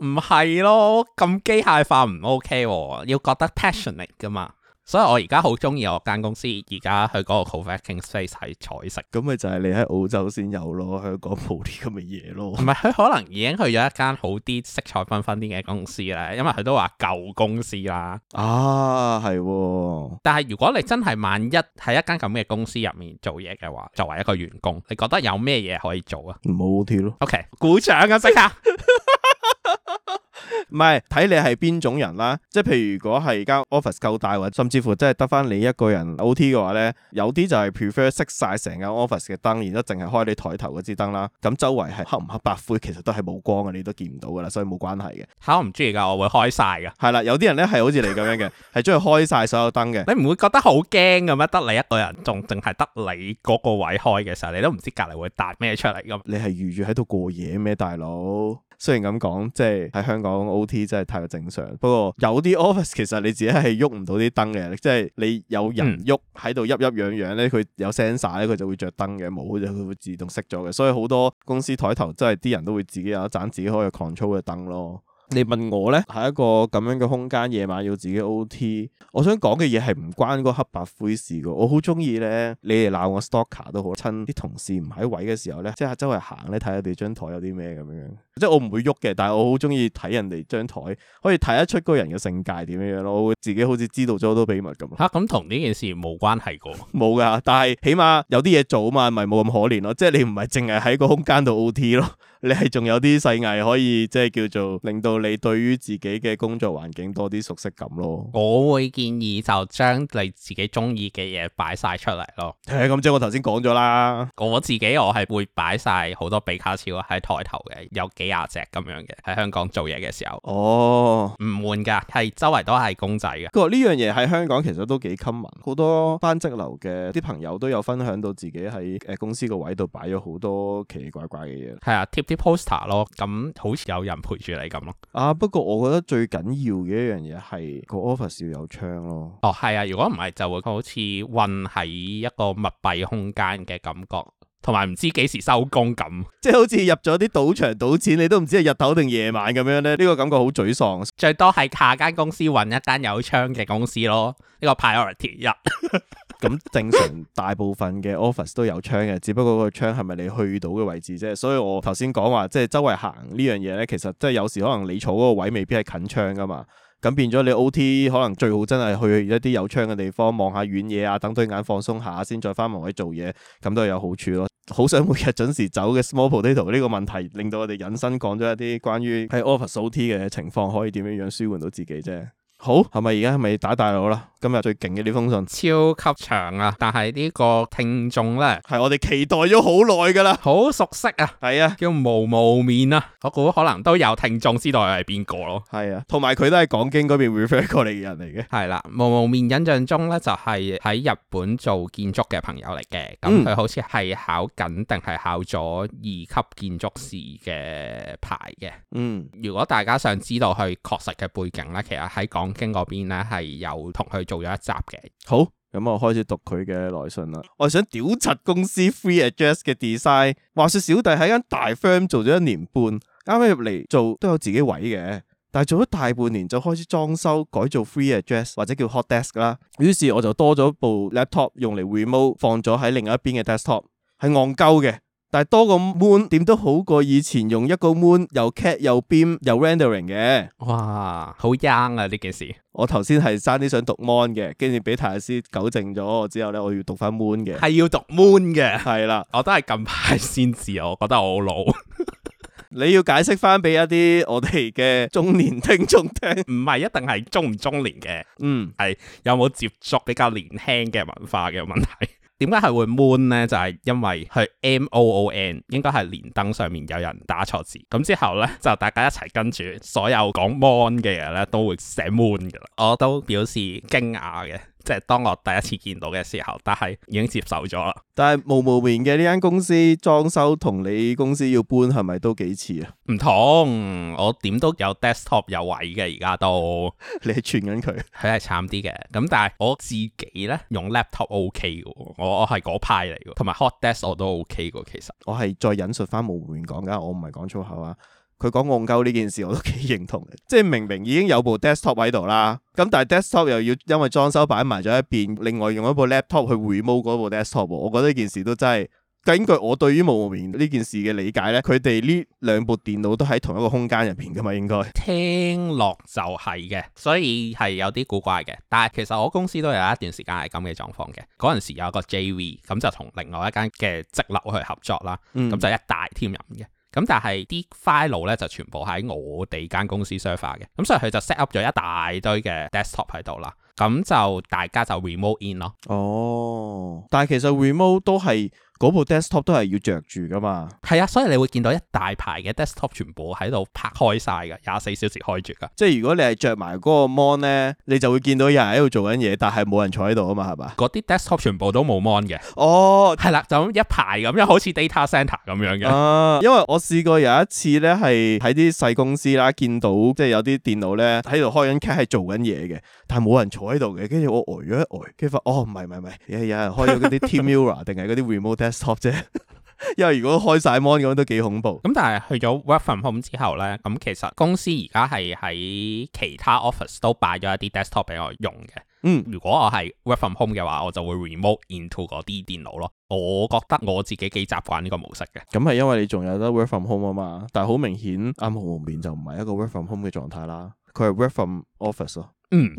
唔係咯，咁機械化唔 OK、啊、要覺得 passion 嚟噶嘛。所以我而家好中意我間公司，而家去嗰個 co-working space 係彩色咁，咪就係你喺澳洲先有咯，香港冇啲咁嘅嘢咯。唔係佢可能已經去咗一間好啲、色彩繽紛啲嘅公司啦，因為佢都話舊公司啦。啊，係、哦，但係如果你真係萬一喺一間咁嘅公司入面做嘢嘅話，作為一個員工，你覺得有咩嘢可以做啊？冇啲咯。O、okay, K，鼓掌啊，識啊 刻！ 唔係睇你係邊種人啦，即係譬如如果係而家 office 夠大，或者甚至乎真係得翻你一個人 ot 嘅話咧，有啲就係 prefer 熄晒成間 office 嘅燈，然之後淨係開你台頭嗰支燈啦。咁周圍係黑唔黑白灰，其實都係冇光嘅，你都見唔到噶啦，所以冇關係嘅。吓，我唔中意噶，我會開晒噶。係啦，有啲人咧係好似你咁樣嘅，係中意開晒所有燈嘅。你唔會覺得好驚噶咩？得你一個人，仲淨係得你嗰個位開嘅時候，你都唔知隔籬會彈咩出嚟噶。你係預住喺度過夜咩，大佬？雖然咁講，即係喺香港。講 OT 真係太過正常，不過有啲 office 其實你自己係喐唔到啲燈嘅，即係你有人喐喺度，郁郁樣樣咧，佢有 sensor 咧，佢就會着燈嘅，冇就佢會自動熄咗嘅，所以好多公司台頭真係啲人都會自己有一盞自己可以 control 嘅燈咯。你問我咧，喺一個咁樣嘅空間，夜晚要自己 OT，我想講嘅嘢係唔關嗰黑白灰事噶。我好中意咧，你哋鬧我 stalker 都好，趁啲同事唔喺位嘅時候咧，即係周圍行咧，睇下你張台有啲咩咁樣。即係我唔會喐嘅，但係我好中意睇人哋張台，可以睇得出嗰人嘅性格點樣樣咯。我會自己好似知道咗好多秘密咁。吓、啊，咁同呢件事冇關係噶，冇噶。 但係起碼有啲嘢做啊嘛，咪冇咁可憐咯。即係你唔係淨係喺個空間度 OT 咯。你係仲有啲細藝可以即係叫做令到你對於自己嘅工作環境多啲熟悉感咯。我會建議就將你自己中意嘅嘢擺晒出嚟咯。咁即係我頭先講咗啦。我自己我係會擺晒好多比卡超喺台頭嘅，有幾廿隻咁樣嘅喺香港做嘢嘅時候。哦，唔換㗎，係周圍都係公仔嘅。不過呢樣嘢喺香港其實都幾 common，好多班積流嘅啲朋友都有分享到自己喺誒公司個位度擺咗好多奇奇怪怪嘅嘢。係啊，貼 poster 咯，咁好似有人陪住你咁咯。啊，不過我覺得最緊要嘅一樣嘢係個 office 要有窗咯。哦，係啊，如果唔係就會好似混喺一個密閉空間嘅感覺。同埋唔知幾時收工咁，即係好似入咗啲賭場賭錢，你都唔知係日頭定夜晚咁樣咧，呢、這個感覺好沮喪。最多係下間公司揾一間有窗嘅公司咯，呢、這個 priority 一。咁 正常大部分嘅 office 都有窗嘅，只不過個窗係咪你去到嘅位置啫。所以我頭先講話即係周圍行呢樣嘢呢，其實即係有時可能你坐嗰個位未必係近窗噶嘛。咁變咗你 O.T. 可能最好真係去一啲有窗嘅地方望下遠嘢啊，等對眼放鬆下先，再翻埋位做嘢，咁都係有好處咯。好想每日準時走嘅 small potato 呢個問題，令到我哋引申講咗一啲關於喺 office O.T. 嘅情況，可以點樣樣舒緩到自己啫。好，係咪而家係咪打大佬啦？今日最勁嘅呢封信超級長啊！但係呢個聽眾咧，係我哋期待咗好耐㗎啦，好熟悉啊，係啊，叫毛毛面啊，我估可能都有聽眾知道係邊個咯，係啊，同埋佢都係港京嗰邊 refer 過嚟嘅人嚟嘅，係啦、啊，毛毛面印象中咧就係、是、喺日本做建築嘅朋友嚟嘅，咁佢好似係考緊定係考咗二級建築士嘅牌嘅，嗯，如果大家想知道佢確實嘅背景咧，其實喺港東京嗰邊咧係有同佢做咗一集嘅，好，咁我開始讀佢嘅來信啦。 我想屌柒公司 free address 嘅 design，話說小弟喺間大 firm 做咗一年半，啱啱入嚟做都有自己位嘅，但係做咗大半年就開始裝修改做 free address 或者叫 hot desk 啦，於是我就多咗部 laptop 用嚟 remove 放咗喺另一邊嘅 desktop，係戇鳩嘅。但係多個 moon 點都好過以前用一個 moon 又 cat 又 Beam 又 rendering 嘅，哇，好 young 啊！呢件事，我頭先係爭啲想讀 moon 嘅，跟住俾泰斯糾正咗之後咧，我要讀翻 moon 嘅，係要讀 moon 嘅，係啦 了，我都係近排先至。我覺得我好老， 你要解釋翻俾一啲我哋嘅中年聽眾聽，唔係一定係中唔中年嘅，嗯，係有冇接觸比較年輕嘅文化嘅問題？ 點解係會 moon 呢？就係、是、因為佢 m o o n，應該係連登上面有人打錯字，咁之後呢，就大家一齊跟住所有講 mon 嘅人呢，都會寫 moon 㗎啦。我都表示驚訝嘅。即係當我第一次見到嘅時候，但係已經接受咗啦。但係無無面嘅呢間公司裝修同你公司要搬係咪都幾似啊？唔同，我點都有 desktop 有位嘅，而家都 你係串緊佢，佢係慘啲嘅。咁但係我自己咧用 laptop OK 嘅，我我係嗰派嚟嘅，同埋 hot desk 我都 OK 嘅，其實我係再引述翻無無面講㗎，我唔係講粗口啊。佢講戇鳩呢件事，我都幾認同嘅，即係明明已經有部 desktop 喺度啦，咁但係 desktop 又要因為裝修擺埋咗一邊，另外用一部 laptop 去 remote 嗰部 desktop，我覺得呢件事都真係根據我對於毛毛面呢件事嘅理解呢，佢哋呢兩部電腦都喺同一個空間入邊噶嘛，應該聽落就係嘅，所以係有啲古怪嘅。但係其實我公司都有一段時間係咁嘅狀況嘅，嗰陣時有一個 JV 咁就同另外一間嘅則樓去合作啦，咁就一大 team 人嘅。嗯咁但係啲 file 咧就全部喺我哋間公司 server 嘅，咁、嗯、所以佢就 set up 咗一大堆嘅 desktop 喺度啦。咁就大家就 remote in 咯。哦，但係其實 remote 都係嗰部 desktop 都係要着住噶嘛。係啊，所以你會見到一大排嘅 desktop 全部喺度拍開晒㗎，廿四小時開住噶。即係如果你係着埋嗰個 mon 咧，你就會見到有人喺度做緊嘢，但係冇人坐喺度啊嘛，係嘛？嗰啲 desktop 全部都冇 mon 嘅。哦，係啦，就咁一排咁樣，因好似 data centre 咁樣嘅、呃。因為我試過有一次咧，係喺啲細公司啦，見到即係有啲電腦咧喺度開緊機係做緊嘢嘅，但係冇人坐。喺度嘅，跟住我呆咗一呆，跟住發哦，唔係唔係唔係，有有人開咗嗰啲 TeamViewer 定係嗰啲 Remote Desktop 啫。 因為如果開晒 mon 咁都幾恐怖。咁但係去咗 Work from Home 之後咧，咁其實公司而家係喺其他 office 都擺咗一啲 desktop 俾我用嘅。嗯，如果我係 Work from Home 嘅話，我就會 Remote into 嗰啲電腦咯。我覺得我自己幾習慣呢個模式嘅。咁係因為你仲有得 Work from Home 啊嘛，但係好明顯啱好後面就唔係一個 Work from Home 嘅狀態啦。佢係 Work from Office 咯。嗯，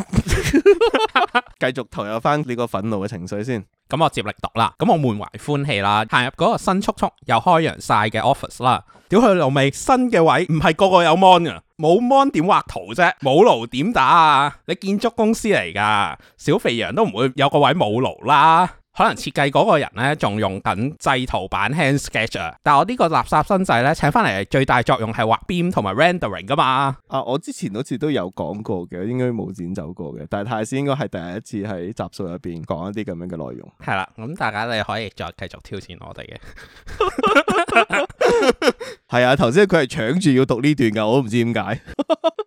繼 續投入翻你個憤怒嘅情緒先。咁、嗯、 我接力讀啦。咁我滿懷歡喜啦，行入嗰個新速速又開揚晒嘅 office 啦。屌佢老味，新嘅位唔係個個有 mon 噶，冇 mon 點畫圖啫，冇爐點打啊？你建築公司嚟㗎，小肥羊都唔會有個位冇爐啦。可能設計嗰個人呢，仲用緊製圖板 hand sketch 啊，但係我呢個垃圾新仔呢，請翻嚟最大作用係畫 beam 同埋 rendering 㗎嘛。啊，我之前好似都有講過嘅，應該冇剪走過嘅，但係泰迪斯應該係第一次喺集數入邊講一啲咁樣嘅內容。係啦，咁大家你可以再繼續挑戰我哋嘅。係 啊，頭先佢係搶住要讀呢段㗎，我都唔知點解。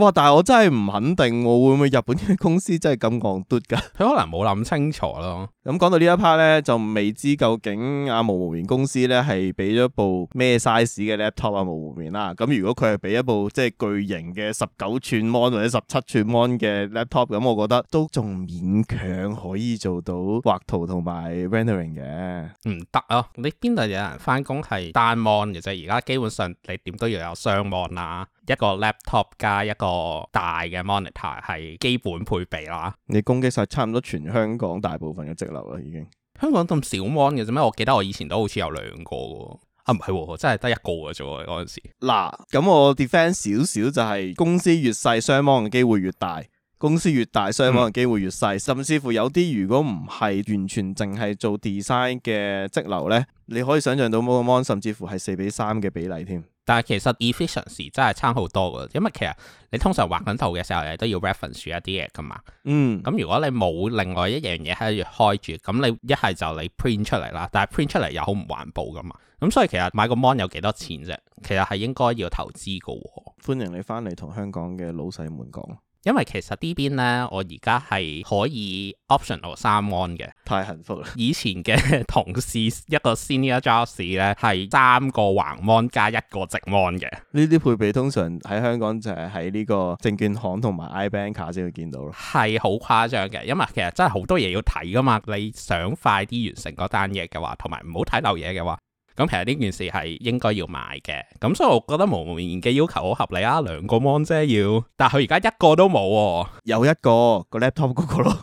哇！但係我真係唔肯定，會唔會日本嘅公司真係咁戇嘟㗎？佢 可能冇諗清楚咯。咁講到一呢一 part 咧，就未知究竟阿、啊、無無眠公司咧係俾咗部咩 size 嘅 laptop 啊，毛無無眠啦。咁如果佢係俾一部即係、就是、巨型嘅十九寸 mon 或者十七寸 mon 嘅 laptop，咁我覺得都仲勉強可以做到畫圖同埋 rendering 嘅。唔得啊！你邊度有人翻工係單 mon 嘅啫，其實而家基本上你點都要有雙 mon 啦。一個 laptop 加一個大嘅 monitor 係基本配備啦。你攻擊晒差唔多全香港大部分嘅直流啦，已經。香港咁少 mon 嘅做咩？我記得我以前都好似有兩個嘅。啊，唔係，真係得一個嘅啫。嗰陣時。嗱，咁我 defend 少少就係公司越細雙 mon 嘅機會越大，公司越大雙 mon 嘅機會越細。嗯，甚至乎有啲如果唔係完全淨係做 design 嘅直流咧，你可以想象到 mon 甚至乎係四比三嘅比例添。但係其實 efficiency 真係差好多㗎，因為其實你通常畫緊圖嘅時候，你都要 reference 一啲嘢㗎嘛。嗯，咁如果你冇另外一樣嘢喺度開住，咁你一係就你 print 出嚟啦，但係 print 出嚟又好唔環保㗎嘛。咁所以其實買個 Mon 有幾多錢啫？其實係應該要投資㗎喎。歡迎你翻嚟同香港嘅老細們講。因為其實呢邊呢，我而家係可以 optional 三安嘅，太幸福啦！以前嘅同事一個 senior jobs 咧係三個橫安加一個直安嘅，呢啲配備通常喺香港就係喺呢個證券行同埋 iBank 卡、er、先會見到咯，係好誇張嘅，因為其實真係好多嘢要睇噶嘛，你想快啲完成嗰單嘢嘅話，同埋唔好睇漏嘢嘅話。咁其實呢件事係應該要買嘅，咁所以我覺得無無言嘅要求好合理啊，兩個 mon 啫要，但係佢而家一個都冇喎、啊，有一個個 laptop 嗰 個咯，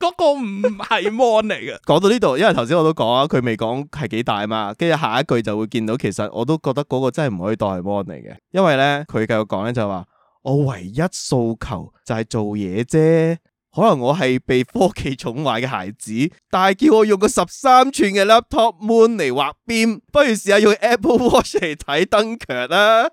嗰個唔係 mon 嚟嘅。講到呢度，因為頭先我都講啊，佢未講係幾大啊嘛，跟住下一句就會見到，其實我都覺得嗰個真係唔可以當係 mon 嚟嘅，因為咧佢繼續講咧就係話，我唯一訴求就係做嘢啫。可能我係被科技寵壞嘅孩子，但係叫我用個十三寸嘅 laptop mon o 嚟畫邊，不如試下用 Apple Watch 嚟睇登強啦。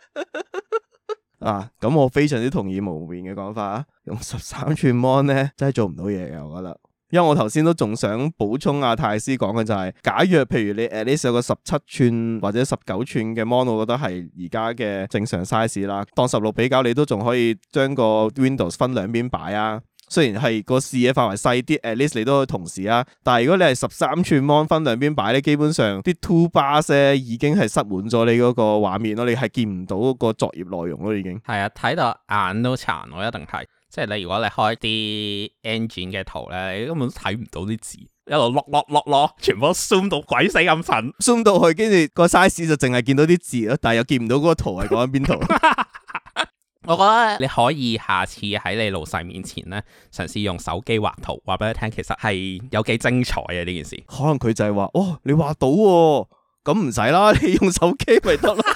啊，咁我非常之同意無面嘅講法，用十三寸 mon 咧真係做唔到嘢嘅。我覺得，因為我頭先都仲想補充阿、啊、泰斯講嘅就係、是，假如譬如你誒呢時有個十七寸或者十九寸嘅 mon，我覺得係而家嘅正常 size 啦。當十六比較，你都仲可以將個 Windows 分兩邊擺啊。雖然係個視野範圍細啲，at least 你都可以同時啊。但係如果你係十三寸芒分兩邊擺咧，基本上啲 two bars 已經係塞滿咗你嗰個畫面咯，你係見唔到個作業內容咯已經。係啊，睇到眼都殘咯，我一定係。即係你如果你開啲 engine 嘅圖咧，你根本睇唔到啲字，一路落落落落，全部 zoom 到鬼死咁近，zoom 到去，跟住個 size 就淨係見到啲字咯，但係又見唔到嗰個圖係講緊邊圖。 我覺得你，你可以下次喺你老細面前咧，嘗試用手機畫圖，話俾佢聽，其實係有幾精彩嘅呢件事。可能佢就係話，哦，你畫到、哦，咁唔使啦，你用手機咪得咯。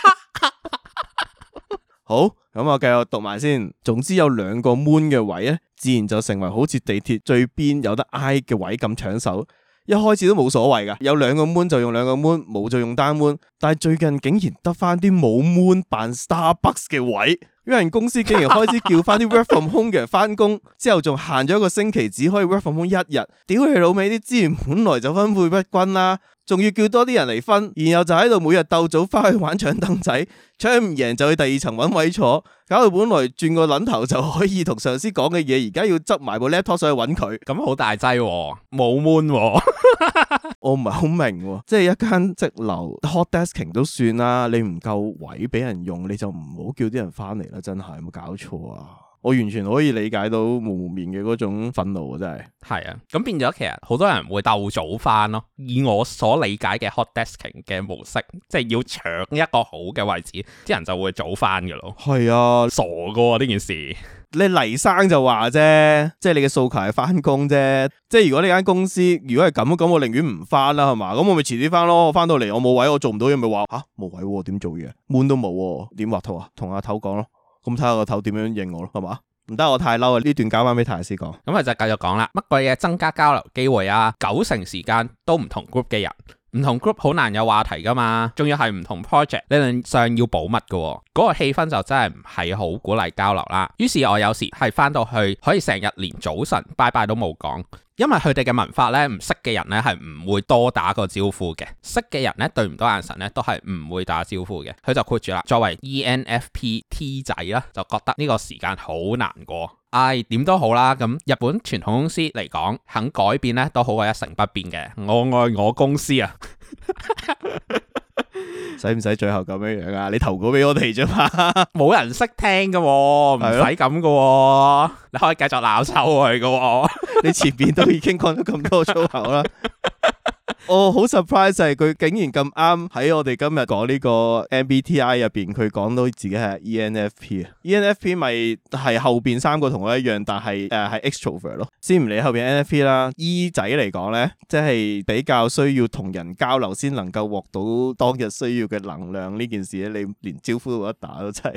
好，咁我繼續讀埋先。總之有兩個 moon 嘅位咧，自然就成為好似地鐵最邊有得挨嘅位咁搶手。一開始都冇所謂噶，有兩個 moon 就用兩個 moon，冇就用單 moon。但係最近竟然得返啲冇 moon 扮 Starbucks 嘅位。有人公司竟然開始叫翻啲 work from home 嘅人翻工， 之後仲限咗一個星期，只可以 work from home 一日。屌佢老味，啲資源本來就分配不均啦，仲要叫多啲人嚟分，然後就喺度每日鬥早翻去玩搶凳仔，搶唔贏就去第二層搵位坐，搞到本來轉個捻頭就可以同上司講嘅嘢，而家要執埋部 laptop 上去搵佢，咁好大劑喎、哦，冇悶喎， 我唔係好明、哦，即係一間則樓 hot desking 都算啦，你唔夠位俾人用，你就唔好叫啲人翻嚟啦。真係有冇搞錯啊！我完全可以理解到蒙面嘅嗰種憤怒啊，真係係啊，咁變咗其實好多人會鬥早翻咯。以我所理解嘅 hot desking 嘅模式，即係要搶一個好嘅位置，啲人就會早翻噶咯。係啊，傻噶呢、啊、件事。你黎生就話啫，即係你嘅訴求係翻工啫。即係如果呢間公司如果係咁咁，我寧願唔翻啦，係嘛？咁我咪遲啲翻咯。我翻到嚟我冇位，我做唔到嘢，咪話吓冇位點做嘢，悶都冇點畫圖啊？同阿頭講咯。咁睇下個頭點樣認我咯，係嘛？唔得，我太嬲啦！呢段搞翻俾泰斯講，咁啊就繼續講啦。乜鬼嘢增加交流機會啊？九成時間都唔同 group 嘅人，唔同 group 好難有話題噶嘛。仲要係唔同 project，理論上要保密噶、哦，嗰、嗰個氣氛就真係唔係好鼓勵交流啦。於是我有時係翻到去，可以成日連早晨拜拜都冇講。因為佢哋嘅文化呢，唔識嘅人呢係唔會多打個招呼嘅，識嘅人呢，對唔到眼神呢，都係唔會打招呼嘅。佢就 quote 住啦，作為 ENFP T 仔呢，就覺得呢個時間好難過。唉、哎，點都好啦，咁日本傳統公司嚟講，肯改變呢都好過一成不變嘅。我愛我公司啊！ 使唔使最後咁樣樣啊？你投稿俾我哋啫嘛，冇人識聽噶喎，唔使咁噶，是的 你可以繼續鬧臭佢噶，你前面都已經講咗咁多粗口啦。 哦，好 surprise 就係佢竟然咁啱喺我哋今日講呢個 MBTI 入邊，佢講到自己係 ENFP 啊，ENFP 咪係後邊三個同我一樣，但係誒係、呃、extrovert 咯。先唔理後邊 NFP 啦，E 仔嚟講咧，即係比較需要同人交流先能夠獲到當日需要嘅能量呢件事咧，你連招呼都唔得打，都齊，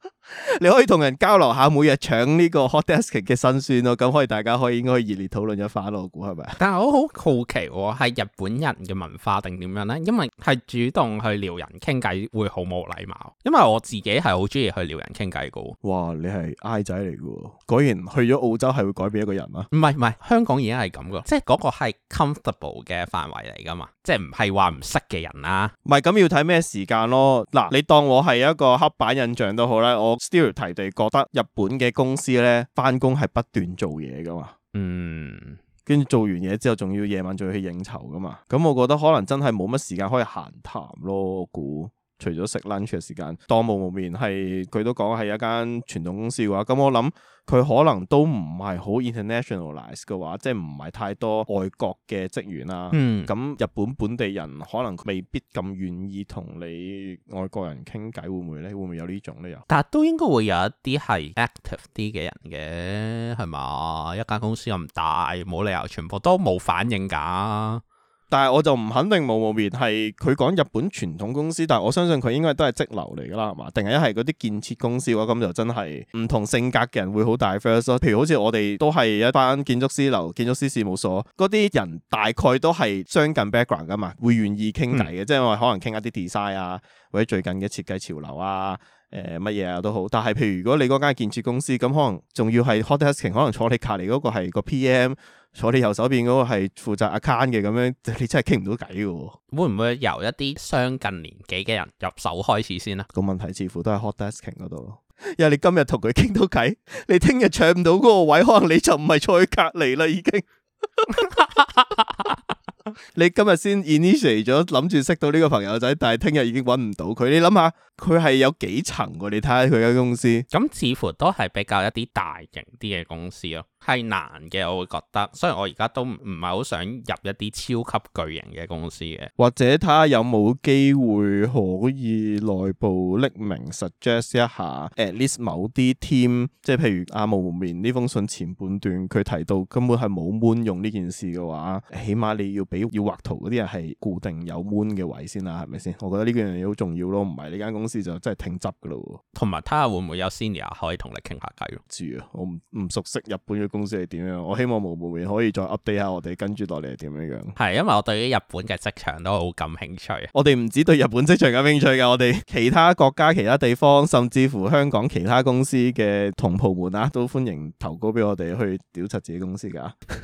你可以同人交流下每日搶呢個 hot desk 嘅辛酸咯，咁可以大家可以應該可以熱烈討論一番咯，估係咪？但係我好好奇喎，喺日本。本人嘅文化定點樣呢？因為係主動去撩人傾偈會好冇禮貌。因為我自己係好中意去撩人傾偈噶。哇，你係 I 仔嚟噶，果然去咗澳洲係會改變一個人啊？唔係唔係，香港已經係咁噶，即係嗰個係 comfortable 嘅範圍嚟噶嘛，即係唔係話唔識嘅人啦、啊。唔係咁要睇咩時間咯。嗱，你當我係一個黑板印象都好啦，我 still 提地覺得日本嘅公司呢，返工係不斷做嘢噶嘛。嗯。跟住做完嘢之後，仲要夜晚仲要去應酬㗎嘛。咁、嗯、我覺得可能真係冇乜時間可以閒談咯，我估。除咗食 lunch 嘅時間，當慕慕面係佢都講係一間傳統公司嘅話，咁我諗佢可能都唔係好 internationalise 嘅話，即係唔係太多外國嘅職員啊。咁、嗯、日本本地人可能未必咁願意同你外國人傾偈，會唔會咧？會唔會有呢種咧？又，但係都應該會有一啲係 active 啲嘅人嘅，係嘛？一間公司咁大，冇理由全部都冇反應㗎。但係我就唔肯定冇冇面係佢講日本傳統公司，但係我相信佢應該都係職流嚟㗎啦，係嘛？定係一係嗰啲建設公司嘅話，咁就真係唔同性格嘅人會好大 first，譬如好似我哋都係一班建築師樓、建築師事務所嗰啲人，大概都係相近 background 噶嘛，會願意傾偈嘅，嗯、即係我可能傾一啲 design 啊，或者最近嘅設計潮流啊，誒乜嘢啊都好。但係譬如如果你嗰間建設公司咁，可能仲要係 hot desking，可能坐你隔離嗰個係個 PM。坐你右手邊嗰個係負責 account 嘅，咁樣你真係傾唔到偈嘅。會唔會由一啲相近年紀嘅人入手開始先啊？個問題似乎都係 hot desking 嗰度。因為你今日同佢傾到偈，你聽日搶唔到嗰個位，可能你就唔係坐去隔籬啦，已經。你今日先 initiate 咗，諗住識到呢個朋友仔，但係聽日已經搵唔到佢。你諗下，佢係有幾層啊？你睇下佢間公司。咁似乎都係比較一啲大型啲嘅公司咯。係難嘅，我會覺得。雖然我而家都唔係好想入一啲超級巨型嘅公司嘅，或者睇下有冇機會可以內部匿名 suggest 一下。at least 某啲 team，即係譬如阿無面呢封信前半段佢提到根本係冇 moon 用呢件事嘅話，起碼你要俾要畫圖嗰啲人係固定有 moon 嘅位先啦，係咪先？我覺得呢個嘢好重要咯，唔係呢間公司就真係挺執噶咯。同埋睇下會唔會有 senior 可以同你傾下偈咯。知啊，我唔熟悉日本嘅，公司係點樣？我希望毛毛棉可以再 update 下我哋跟住落嚟係點樣樣。係，因為我對於日本嘅職場都好感興趣。 我哋唔止對日本職場感興趣嘅，我哋其他國家、其他地方，甚至乎香港其他公司嘅同袍們啊，都歡迎投稿俾我哋去調查自己公司噶，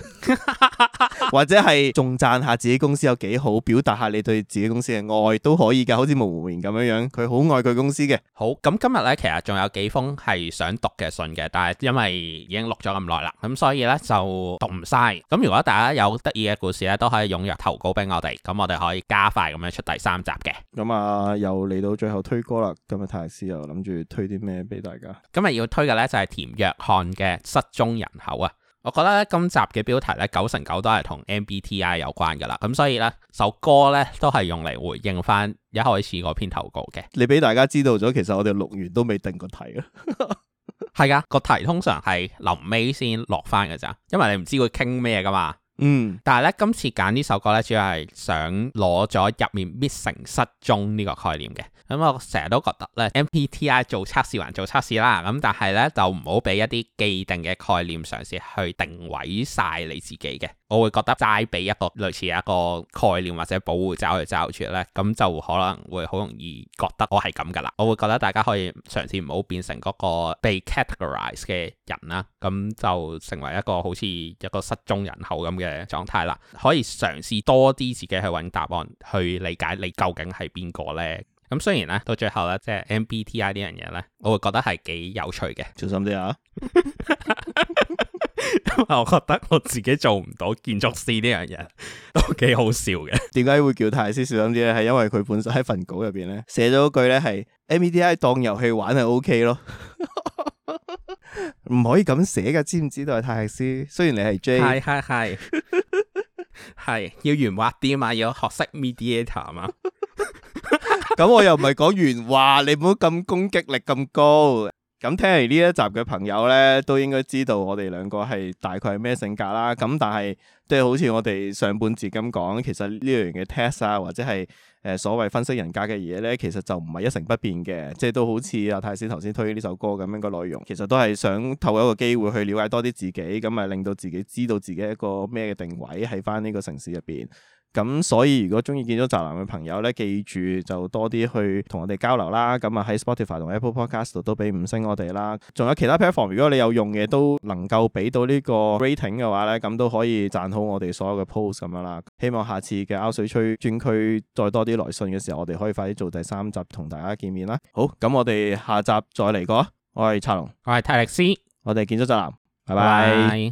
或者係仲讚下自己公司有幾好，表達下你對自己公司嘅愛都可以噶。好似毛毛棉咁樣樣，佢好愛佢公司嘅。好，咁今日咧，其實仲有幾封係想讀嘅信嘅，但係因為已經錄咗咁耐啦。咁所以咧就讀唔晒。咁如果大家有得意嘅故事咧，都可以踴躍投稿俾我哋，咁我哋可以加快咁樣出第三集嘅。咁啊，又嚟到最後推歌啦。今日太師又諗住推啲咩俾大家？今日要推嘅咧就係、是、甜約翰嘅《失蹤人口》啊。我覺得今集嘅標題咧九成九都係同 MBTI 有關㗎啦。咁所以咧首歌咧都係用嚟回應翻一開始嗰篇投稿嘅。你俾大家知道咗，其實我哋錄完都未定個題啊。 係噶，個題通常係臨尾先落翻噶咋，因為你唔知會傾咩噶嘛。嗯，但係呢，今次揀呢首歌呢，主要係想攞咗入面 m i s 搣成失蹤呢個概念嘅。咁、嗯、我成日都覺得呢 MBTI 做測試還做測試啦，咁、嗯、但係呢，就唔好俾一啲既定嘅概念嘗試去定位晒你自己嘅。我會覺得齋俾一個類似一個概念或者保護罩去罩住咧，咁就可能會好容易覺得我係咁噶啦。我會覺得大家可以嘗試唔好變成嗰個被 categorize 嘅人啦，咁就成為一個好似一個失蹤人口咁嘅狀態啦。可以嘗試多啲自己去揾答案，去理解你究竟係邊個咧。咁雖然咧，到最後咧，即係 MBTI 呢樣嘢咧，我會覺得係幾有趣嘅。小心啲啊！ 因為 我覺得我自己做唔到建築師呢樣嘢，都幾好笑嘅。點解會叫泰斯小心啲咧？係因為佢本身喺份稿入邊咧寫咗嗰句咧係 mediator 當遊戲玩係 O K 咯，唔 可以咁寫噶，知唔知道？泰斯，雖然你係 J，係係係係要圓滑啲啊嘛，要學識 mediator 啊嘛。咁 我又唔係講圓滑，你唔好咁攻擊力咁高。咁聽嚟呢一集嘅朋友咧，都應該知道我哋兩個係大概係咩性格啦。咁但係即係好似我哋上半節咁講，其實呢樣嘅 test 啊，或者係誒、呃、所謂分析人格嘅嘢咧，其實就唔係一成不變嘅，即係都好似阿泰斯頭先推呢首歌咁樣嘅內容，其實都係想透過一個機會去了解多啲自己，咁啊令到自己知道自己一個咩嘅定位喺翻呢個城市入邊。咁所以如果中意建築宅男嘅朋友咧，記住就多啲去同我哋交流啦。咁啊喺 Spotify 同 Apple Podcast 都俾五星我哋啦。仲有其他 platform，如果你有用嘅都能夠俾到呢個 rating 嘅話咧，咁都可以讚好我哋所有嘅 post 咁樣啦。希望下次嘅 R 水吹專區再多啲來信嘅時候，我哋可以快啲做第三集同大家見面啦。好，咁我哋下集再嚟過。我係查龍，我係泰迪斯，我哋建築宅男，拜拜。